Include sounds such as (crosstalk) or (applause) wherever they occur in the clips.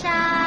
沙。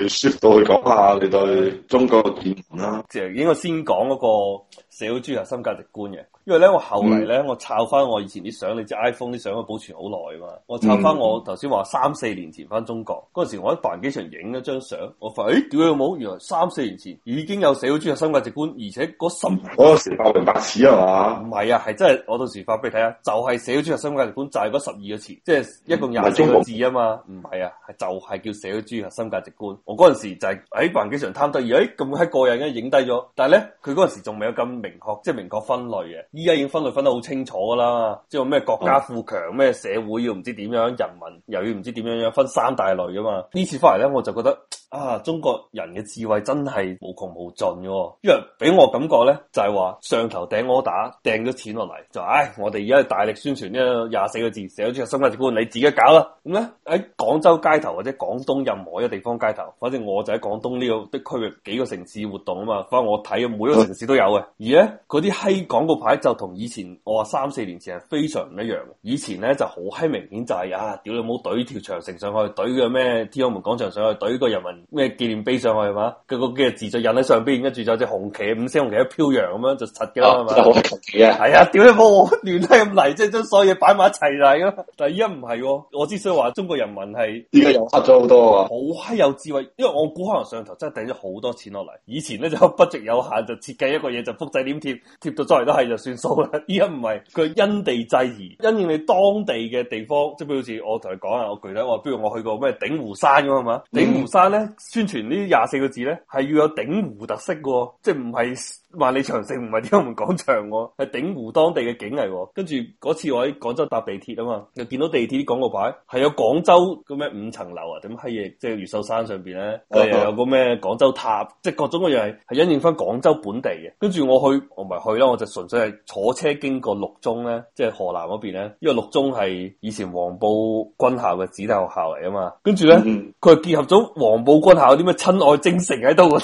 你 shift 到去講下你對中國嘅見聞啦，即係應該先講嗰個社會主義核心價值觀嘅。因為咧，我後嚟咧，我抄翻我以前啲相，你知 iPhone 啲相我保存好耐嘛？我抄翻我頭先話三四年前翻中國嗰陣、嗯、時我，我喺白雲機場影咗張相，我發覺誒屌你老母，原來三四年前已經有社會主義核心價值觀，而且嗰十嗰陣時百零百字係嘛？唔係啊，係、啊、真係我到陣時發俾你睇下，就係社會主義核心價值觀，就係、是、嗰十二個字，即係一共廿四個字啊嘛？唔係啊，就係、是、叫社會主義核心價值觀。我嗰陣時就係喺白雲機場貪得意，誒咁閪過癮嘅影低咗。但係咧，佢嗰陣時仲未有咁明確，即、就、係、是、明確分類嘅。依家已經分類分得好清楚噶啦，即係咩國家富強，咩社會要唔知點樣，人民又要唔知點樣樣，分三大類噶嘛。呢次翻嚟咧，我就覺得啊，中國人嘅智慧真係無窮無盡嘅、哦，因為俾我感覺咧，就係、是、話上頭掟我打掟咗錢落嚟，就唉、哎，我哋而家係大力宣傳呢個廿四個字，寫住係核心價值觀，你自己搞啦。咁咧喺廣州街頭或者廣東任何一個地方街頭，反正我就喺廣東呢個的區域幾個城市活動啊嘛。反正我睇每個城市都有嘅，而咧嗰啲閪廣告牌就同以前我話三四年前係非常唔一樣，以前咧就好閪明顯就係啊，屌你冇懟條長城上去，懟個咩天安門廣場上去，懟個人民咩紀念碑上去係嘛，佢個字就印喺上邊，跟住就有隻紅旗五星紅旗一飄揚咁樣就柒嘅啦係嘛，就啊，係啊，屌你冇亂嚟咁嚟，即係將所有嘢擺埋一齊嚟咯。但依家唔係，我之所以話中國人民係依家又黑咗好多啊，好閪有智慧，因為我估可能上頭真係抌咗好多錢落嚟，以前咧就不直有限，就設計一個嘢就複製粘貼，貼到周圍都係就算。數啦，依家唔係，佢係因地制宜，因應你當地嘅地方，即係譬如好似我同你講啊，我具體話，不如我去過咩鼎湖山咁啊嘛，鼎、嗯、湖山咧宣傳呢廿四個字咧係要有鼎湖特色嘅，即係唔係。萬里長城唔係天安門廣場，啊，係鼎湖當地嘅景嚟啊。跟住嗰次我喺廣州搭地鐵啊嘛，又見到地鐵啲廣告牌係有廣州咁咩五層樓啊，點閪嘢，即係越秀山上邊咧，又有個咩廣州塔，即係各種各樣，係係因應翻廣州本地嘅。跟住我去，我咪去啦，我就純粹係坐車經過六中咧，即係河南嗰邊咧，因為六中係以前黃埔軍校嘅子弟學校嚟啊嘛。跟住咧，佢、嗯、結合咗黃埔軍校有啲咩親愛精誠喺度，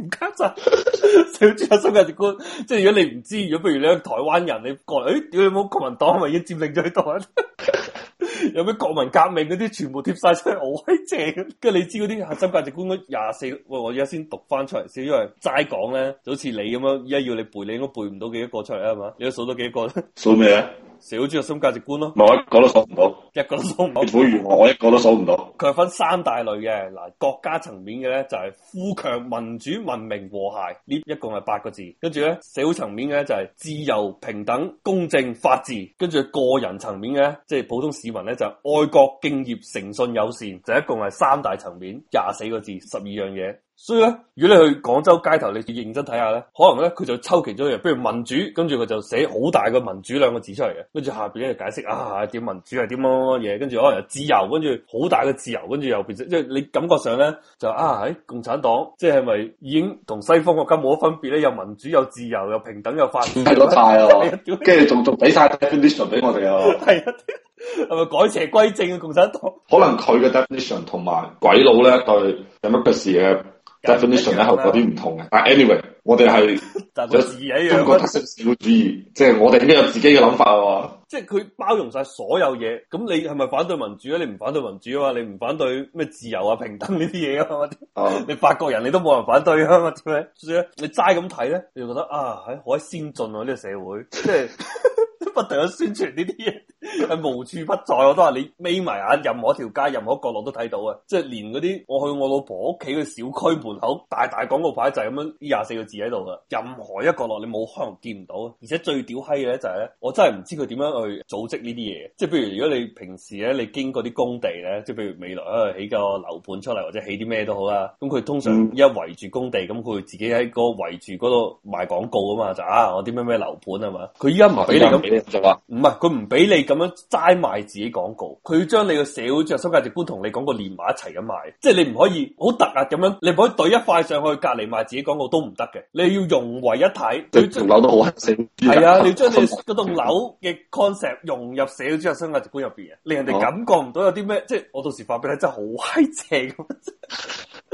唔卡咋，小豬啊！核心價值觀，即係如果你唔知，如果譬如你係台灣人，你講，誒屌你冇國民黨係咪已經佔領咗台灣？ (laughs) 有咩國民革命嗰啲全部貼晒出去，好閪正。跟 (laughs) 住你知嗰啲核心價值觀嗰廿四，喂，我而家先讀翻出嚟先，因為齋講咧，就好似你咁樣，而家要你背，你都背唔到幾多個出嚟啊嘛？你數多幾多個？數咩啊？ (laughs) 社會主義核心價值觀咯，我一個都數唔到， (laughs) 一個都數唔到，比如 (laughs) 我一個都數唔到。佢係分三大類嘅，嗱，國家層面嘅咧就係富強、民主民民、文明、和諧，呢一共係八個字，跟住咧社會層面嘅咧就係自由、平等、公正、法治，跟住個人層面嘅咧即係普通市民咧就係愛國、敬業、誠信、友善，就一共係三大層面，廿四個字，十二樣嘢。所以咧，如果你去廣州街頭，你要認真睇下咧，可能咧佢就抽其中一樣，不如民主，跟住佢就寫好大個民主兩個字出嚟嘅，跟住下邊咧就解釋啊點民主係點乜乜嘢，跟住可能又自由，跟住好大嘅自由，跟住又變即係你感覺上咧就啊喺、哎、共產黨，即係係咪已經同西方國家冇乜分別咧？又民主，又自由，又平等，又發，係攞晒咯，跟住仲仲俾晒 definition 俾我哋啊。係啊，係咪改邪歸正嘅共產黨？ (laughs) 可能佢嘅 definition 同埋鬼佬咧對 d e m o c 但 definition 後果啲唔同嘅。但 anyway，我哋係有中國特色社會主義，即係 (laughs) 我哋應該有自己嘅諗法、啊、即係佢包容晒所有嘢，咁你係咪反對民主咧？你唔反對民主啊？你唔反對咩自由啊、平等呢啲嘢啊？ (laughs) 你法國人你都冇人反對啊？點解？所以你齋咁睇咧，你就覺得啊，係好先進啊！呢個社會即係 (laughs) 不停喺宣傳呢啲嘢。係 (laughs) 無處不在，我都話你眯埋眼，任何一條街、任何一角落都睇到啊。即係連嗰啲我去我老婆屋企嘅小區門口，大大廣告牌就係咁樣廿四個字喺度嘅。任何一角落你冇可能見唔到，啊。而且最屌閪嘅咧就係咧，我真係唔知佢點樣去組織呢啲嘢。即係譬如如果你平時咧你經過啲工地咧，即係譬如未來啊起個樓盤出嚟或者起啲咩都好啦，咁佢通常一圍住工地，咁佢自己喺嗰圍住嗰度賣廣告啊嘛，就啊我啲咩咩樓盤啊嘛，佢依家唔俾你咁就話唔係，佢唔俾你。咁樣齋賣自己廣告，佢將你個社會主義價值觀同你廣告連埋一齊咁賣，即係你唔可以好突兀咁樣，你唔可以懟一塊上去，隔籬賣自己廣告都唔得嘅。你要融為一體，你棟樓都好閪正，係啊！ (laughs) 你將你嗰棟樓嘅 concept 融入社會主義價值觀入邊啊， (laughs) 令人哋感覺唔到有啲咩，即係我到時發俾你真係好閪正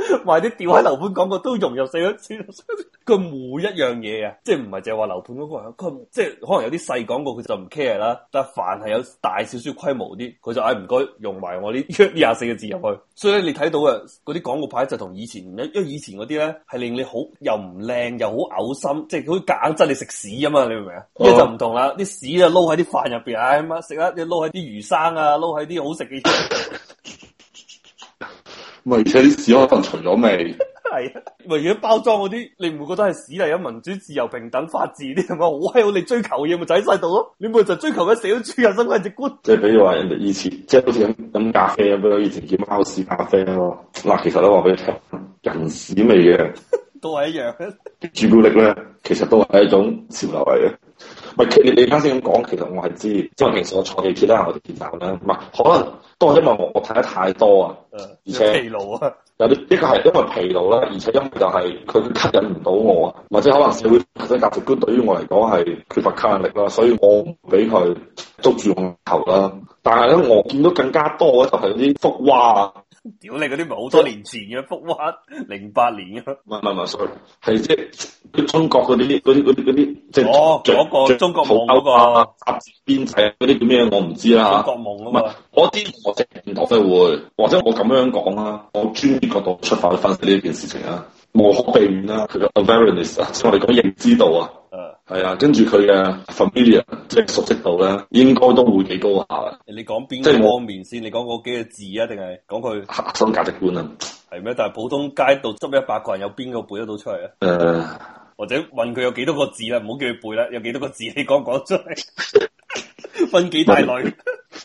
咁，或啲吊喺樓盤廣告都融入社會主義。 (laughs) 佢每一樣嘢嘅，即係唔係淨係話樓盤嗰個人，佢即係可能有啲細廣告佢就唔 care 啦。但係凡係有大少少規模啲，佢就嗌唔該用埋我啲約廿四個字入去。所以咧，你睇到啊，嗰啲廣告牌就同以前，因因為以前嗰啲咧係令你好又唔靚又好嘔心，即係佢夾硬你食屎啊嘛，你明唔明啊？呢、哦、就唔同啦，啲屎啊撈喺啲飯入邊，唉媽食啊，你撈喺啲魚生啊，撈喺啲好食嘅嘢。唔係、嗯，而且啲屎可能除咗味。係，為咗包裝嗰啲，你唔會覺得係屎嚟？有民主、自由、平等、法治啲？係咪好閪好力追求嘅嘢咪擠晒度咯？你咪就追求緊社會主義核心價值觀即係比如話人哋以前，即係好似飲飲咖啡咁樣，以前叫貓屎咖啡咯。嗱， (laughs) 其實都話俾你聽，人屎味嘅都係一樣。朱古力咧，其實都係一種潮流嚟嘅。唔係佢，你你啱先咁講，其實我係知，即係平時我坐地鐵咧，我跌走啦。唔係可能都係因為我我睇得太多啊，而且疲勞啊。有啲呢個係因為疲勞啦，而且因為就係佢吸引唔到我啊，或者可能社會嗰啲價值觀對於我嚟講係缺乏吸引力啦，所以我唔俾佢捉住用頭啦。但係咧，我見到更加多咧，就係嗰啲福娃啊！屌你嗰啲咪好多年前嘅福以娃，零八年嘅。唔係唔係唔係，sorry，係即係中國嗰啲嗰啲嗰啲啲即係。哦，嗰最、嗰個。中國夢嗰、那個雜誌編輯嗰啲叫咩？我唔知啦、啊、中國夢啊嘛，我知我認同會，或者我咁樣講啦、啊，我專業角度出發去分析呢件事情啊，無可避免啦。佢嘅 awareness，即係我哋講認知度啊，嗯，係啊，跟住佢嘅 familiar 即係熟悉度咧，應該都會幾高下。你講邊即係我面先？你講嗰幾個字啊，定係講佢核心價值觀啊？係咩？但係普通街道執一百個人，有邊個背得到出嚟啊？誒、呃。或者問佢有幾多個字啦，唔好叫佢背啦，有幾多個字，你講講出嚟，分幾 (laughs) (laughs) 大類？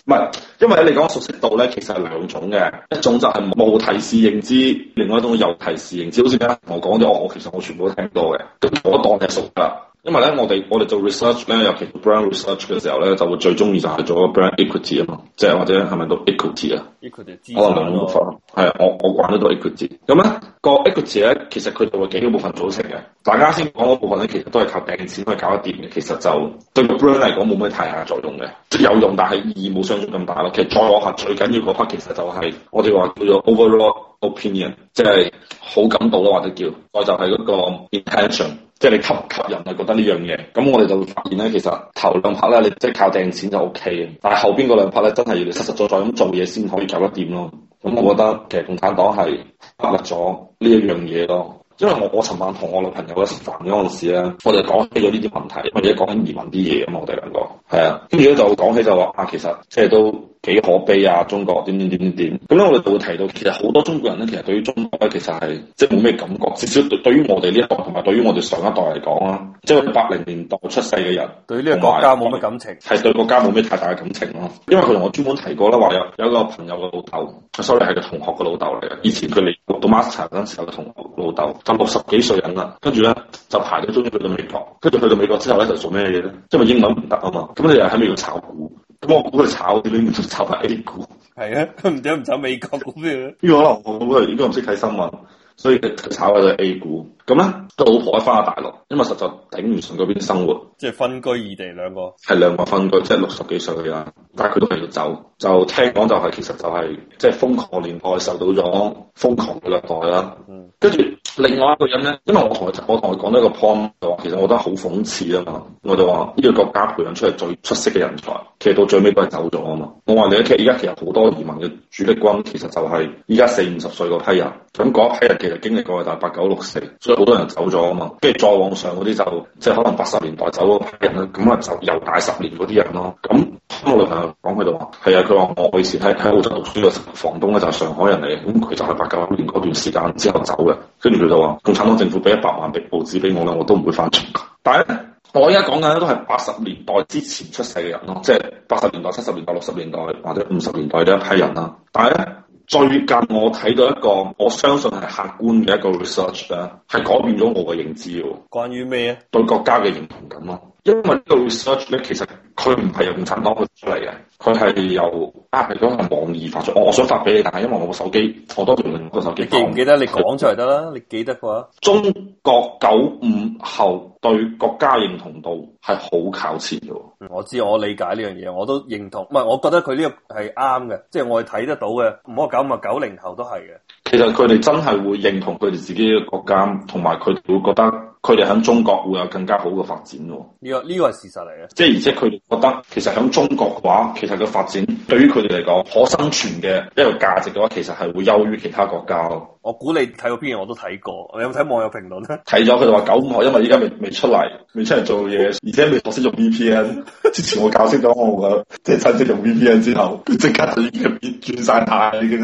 唔係，因為你講熟悉度咧，其實係兩種嘅，一種就係冇提示認知，另外一種有提示認知，好似今日我講咗我，其實我全部都聽過嘅，咁我當你係熟㗎。因為咧，我哋我哋做 research 咧，尤其做 brand research 嘅時候咧，就會最鍾意就係做 brand equity 啊嘛，即係或者係咪都 equity 啊？equity 我兩部分，係啊，我我玩得到 equity 咁咧，個 equity 咧，其實佢就係幾個部分組成嘅。大家先講嗰部分咧，其實都係靠掟錢去搞得掂嘅。其實就對 brand 嚟講冇咩太大作用嘅，即有用，但係意義冇相中咁大咯。其實再往下，最緊要嗰 part 其實就係、是、我哋話叫做 overall opinion，即係好感度咯，或者叫再就係、是、嗰個 intention。即係你吸唔吸引啊？覺得呢樣嘢，咁我哋就會發現咧，其實頭兩拍咧，你即係靠掟錢就 OK 嘅，但係後邊嗰兩拍咧，真係要你實實在在咁做嘢先可以搞得掂咯。咁我覺得其實共產黨係忽略咗呢一樣嘢咯。因為我我尋晚同我女朋友食飯嗰陣時咧，我哋講起咗呢啲問題，因為而家講緊移民啲嘢啊嘛，我哋兩個係啊，跟住咧就講起就話啊，其實即係都幾可悲啊，中國點點點點點咁咧，我哋就會提到其實好多中國人咧，其實對於中國咧，其實係即係冇咩感覺，至少，少對對於我哋呢一代同埋對於我哋上一代嚟講啦，即係八零年代出世嘅人，對呢個國家冇乜有感情，係對國家冇咩太大嘅感情咯。因為佢同我專門提過啦，話有有一個朋友嘅老豆，sorry 係個同學嘅老豆嚟嘅，以前佢嚟讀 master 嗰陣時候嘅同學。老豆就六十幾歲人啦，跟住咧就排咗中意去到美國，跟住去到美國之後咧就做咩嘢咧？因為英文唔得啊嘛，咁你又喺邊度炒股？咁我估佢炒，啲你炒埋 A 股。係啊，佢唔想唔炒美國股咩？因為可能我估佢應該唔識睇新聞，所以佢炒下啲 A 股。咁咧，個老婆咧翻下大陸，因為實在頂唔順嗰邊生活。即係分居異地兩個，係兩個分居，即係六十幾歲啦。但係佢都係要走，就聽講就係、是、其實就係即係瘋狂年代，受到咗瘋狂嘅虐待啦。跟住、嗯、另外一個人咧，因為我同我同佢講咗個 point，其實我覺得好諷刺啊嘛。我就話呢個國家培養出嚟最出色嘅人才，其實到最尾都係走咗啊嘛。我話你屋企而家其實好多移民嘅主力軍，其實就係依家四五十歲嗰批人。咁嗰一批人其實經歷過嘅就係八九六四。好多人走咗啊嘛，跟住再往上嗰啲就即係可能八十年代走嗰批人啦，咁啊就又大十年嗰啲人咯。咁我女朋友講佢就話，係啊，佢話我以前喺喺澳洲讀書嘅房東咧就係上海人嚟嘅，咁佢就係八九年嗰段時間之後走嘅。跟住佢就話，共產黨政府俾一百萬俾報紙俾我啦，我都唔會翻。但係咧，我而家講緊咧都係八十年代之前出世嘅人咯，即係八十年代、七十年代、六十年代或者五十年代咧一批人啦。但係咧。最近我睇到一個，我相信係客觀嘅一個 research 咧，係改變咗我嘅認知喎。關於咩啊？對國家嘅認同感咯。因為個呢個 research 咧，其實佢唔係由共產黨出嚟嘅，佢係由啊係嗰個網易發出。我、哦、我想發俾你，但係因為我部手機，我多用個手機。你記唔記得？你講出嚟得啦，你記得嘅話。中國九五後。對國家認同度係好靠前嘅。啊嗯，我知我理解呢樣嘢，我都認同，唔係我覺得佢呢個係啱嘅，即係我哋睇得到嘅，唔好搞咁啊，九零後都係嘅。其實佢哋真係會認同佢哋自己嘅國家，同埋佢哋會覺得佢哋喺中國會有更加好嘅發展，啊這個。呢、這個呢個係事實嚟嘅。即係而且佢哋覺得，其實喺中國嘅話，其實個發展對於佢哋嚟講，可生存嘅一個價值嘅話，其實係會優於其他國家咯。我估你睇過邊嘢我都睇過，你有冇睇網友評論咧？睇咗佢就話九五後，因為依家未未出嚟，未出嚟做嘢，而且未學識用 VPN。之前我教識咗我嘅即係親戚用 VPN 之後，佢即刻就已經轉晒軚，已經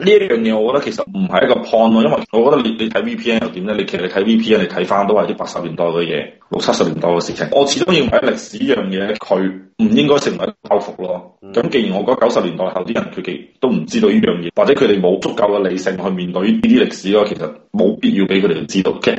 呢一樣嘢，我覺得其實唔係一個 point 咯，因為我覺得你你睇 VPN 又點咧？你其實你睇 VPN，你睇翻都係啲八十年代嘅嘢，六七十年代嘅事情。我始終認為歷史呢樣嘢，佢唔應該成為一個包袱咯。咁既然我覺得九十年代後啲人佢哋都唔知道呢樣嘢，或者佢哋冇足夠嘅理性去面對呢啲歷史咯，其實冇必要俾佢哋知道。即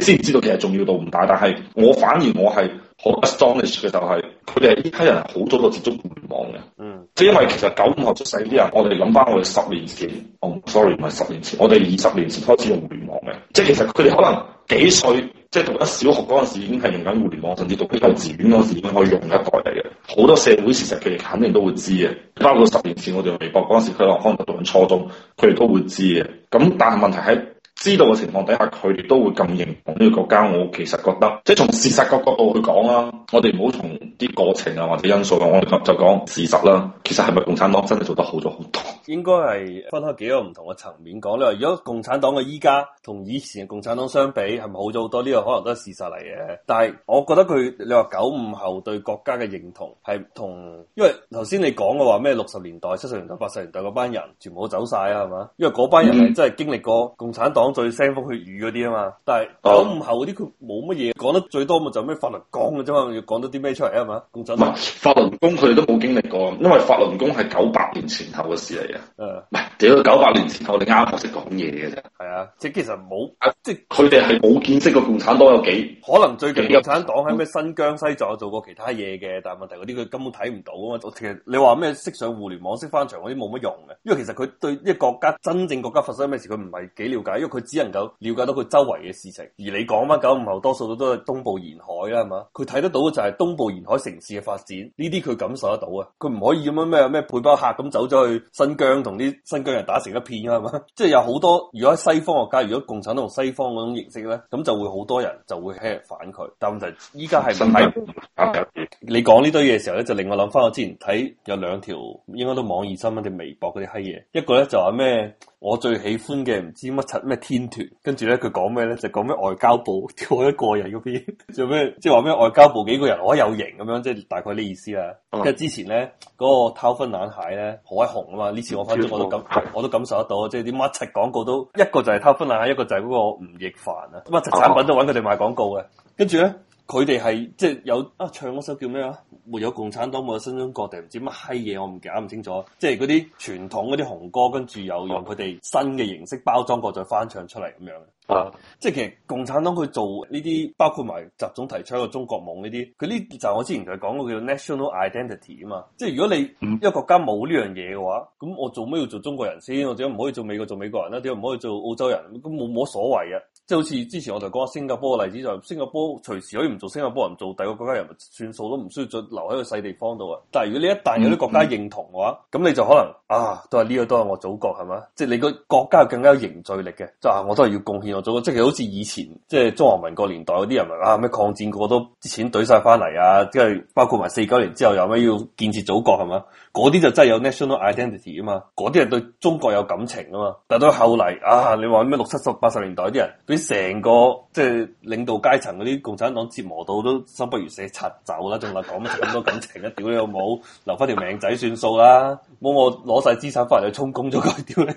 即知唔知道其實重要度唔大，但係我反而我係。好 astonish 嘅就係、是，佢哋係呢批人好早都接觸互聯網嘅，即係、嗯、因為其實九五後出世啲人，我哋諗翻我哋十年前，oh，我 sorry，唔係十年前，我哋二十年前開始用互聯網嘅，即係其實佢哋可能幾歲，即、就、係、是、讀緊小學嗰陣時已經係用緊互聯網，甚至讀批幼稚園嗰陣時已經可以用一代嚟嘅。好多社會事實佢哋肯定都會知嘅，包括十年前我哋用微博嗰陣時，佢可能可能讀緊初中，佢哋都會知嘅。咁但係問題係，知道嘅情況底下，佢哋都會咁認同呢個國家。我其實覺得，即係從事實個角度去講啦，我哋唔好從啲過程啊或者因素啊，我哋就就講事實啦。其實係咪共產黨真係做得好咗好多？應該係分開幾個唔同嘅層面講。你話如果共產黨嘅依家同以前嘅共產黨相比，係咪好咗好多？呢個可能都係事實嚟嘅。但係我覺得佢，你話九五後對國家嘅認同係同，因為頭先你講嘅話咩六十年代、七十年代、八十年代嗰班人全部走晒啊，係嘛？因為嗰班人係真係經歷過共產黨。最腥風血雨嗰啲啊嘛，但係九五後嗰啲佢冇，乜嘢講得最多咪就咩法輪功嘅啫，要講到啲咩出嚟啊嘛？共產黨法輪功佢哋都冇經歷過，因為法輪功係九八年前後嘅事嚟嘅。誒的，唔係屌，九八年前後你啱啱學識講嘢嘅啫。係啊，即係其實冇，即係佢哋係冇見識過共產黨有幾可能，最近共產黨喺咩新疆西藏做過其他嘢嘅，但係問題嗰啲佢根本睇唔到啊嘛。其實你話咩識上互聯網識翻牆嗰啲冇乜用嘅，因為其實佢對呢個國家真正國家發生咩事佢唔係幾了解，因為。因為佢只能夠了解到佢周圍嘅事情，而你講翻九五後多數都都係東部沿海啦，係嘛？佢睇得到嘅就係東部沿海城市嘅發展，呢啲佢感受得到啊！佢唔可以咁樣咩咩背包客咁走咗去新疆同啲新疆人打成一片啊嘛！即係、就是、有好多，如果喺西方學家，如果共產黨同西方嗰種形式咧，咁就會好多人就會 h e 反佢。但問題依家係唔睇。你講呢堆嘢嘅時候咧，就令我諗翻我之前睇有兩條，應該都網易新聞定微博嗰啲閪嘢，一個咧就話咩？我最喜歡嘅唔知乜柒咩天團，跟住咧佢講咩咧就講咩外交部，我一個人嗰邊做咩？即係話咩外交部幾個人我有型咁樣，即係大概呢意思啦。即係之前咧嗰個偷分懶蟹咧好鬼紅啊嘛，呢次我翻咗我都感我都感受得到，即係啲乜柒廣告都一個就係偷分懶蟹，一個就係嗰個吳亦凡啊，乜柒產品都揾佢哋賣廣告嘅，跟住咧。佢哋係即係有啊，唱嗰首叫咩啊？沒有共產黨冇有新中國定唔知乜閪嘢，我唔記唔清楚。即係嗰啲傳統嗰啲紅歌，跟住又用佢哋新嘅形式包裝過，再翻唱出嚟咁樣。啊，即係其實共產黨佢做呢啲，包括埋習總提出一個中國夢呢啲，佢呢就我之前同你講過叫 national identity 啊嘛。即係如果你一個國家冇呢樣嘢嘅話，咁我做咩要做中國人先？或者唔可以做美國做美國人啦，點解唔可以做澳洲人？咁冇冇乜所謂啊？即係好似之前我哋講新加坡嘅例子就係，新加坡隨時可以。做星加坡人做第個國家人算數，都唔需要再留喺個細地方度啊！但係如果你一旦有啲國家認同嘅話，咁、嗯嗯、你就可能啊，都係呢、這個都係我祖國係嘛，即係你個國家又更加有凝聚力嘅，就係、啊、我都係要貢獻我祖國。即係好似以前即係中華民國年代嗰啲人咪啊咩抗戰過都錢懟晒翻嚟啊，即係包括埋四九年之後又咩要建設祖國係嘛？嗰啲就真係有 national identity 啊嘛，嗰啲人對中國有感情啊嘛。但到後嚟啊，你話咩六七十八十年代啲人，俾成個即係領導階層嗰啲共產黨磨到都心不如死擦，拆走啦！仲嚟講乜咁多感情一屌你老母，留翻條命仔算數啦。冇我攞晒資產翻嚟去充公咗佢屌你！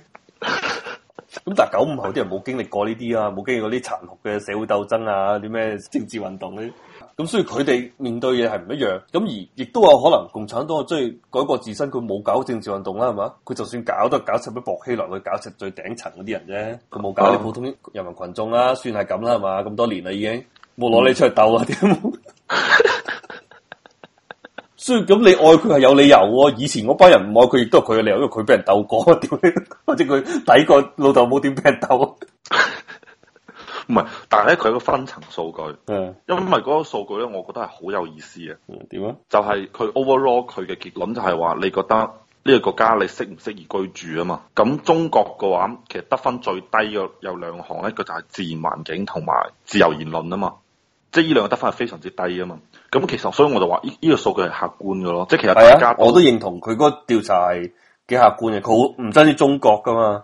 咁 (laughs) 但係九五後啲人冇經歷過呢啲啊，冇經歷過嗰啲殘酷嘅社會鬥爭啊，啲咩政治運動咧？咁所以佢哋面對嘢係唔一樣。咁而亦都有可能共產黨鍾意改革自身，佢冇搞政治運動啦，係嘛？佢就算搞都係搞出啲薄熙來去搞出最頂層嗰啲人啫，佢冇搞你普通人民群眾啦。算係咁啦，係嘛？咁多年啦已經。冇攞你出去鬥啊！點？ (laughs) 雖然咁你愛佢係有理由嘅、啊。以前嗰班人唔愛佢，亦都係佢嘅理由，因為佢俾人鬥過、啊、 (laughs) 或者佢抵過老豆冇點俾人鬥啊！唔係，但係咧佢有個分層數據，嗯的，因為嗰個數據咧，我覺得係好有意思嘅。點啊、嗯？就係佢 overall 佢嘅結論就係話，你覺得呢個國家你適唔適宜居住啊？嘛，咁中國嘅話，其實得分最低嘅有兩行咧，佢就係、是、自然環境同埋自由言論啊？嘛。即係呢兩個得分係非常之低啊嘛，咁其實所以我就話呢，呢個數據係客觀嘅咯，即係其實大家都、啊、我都認同佢嗰個調查係幾客觀嘅，佢好唔針對中國噶嘛。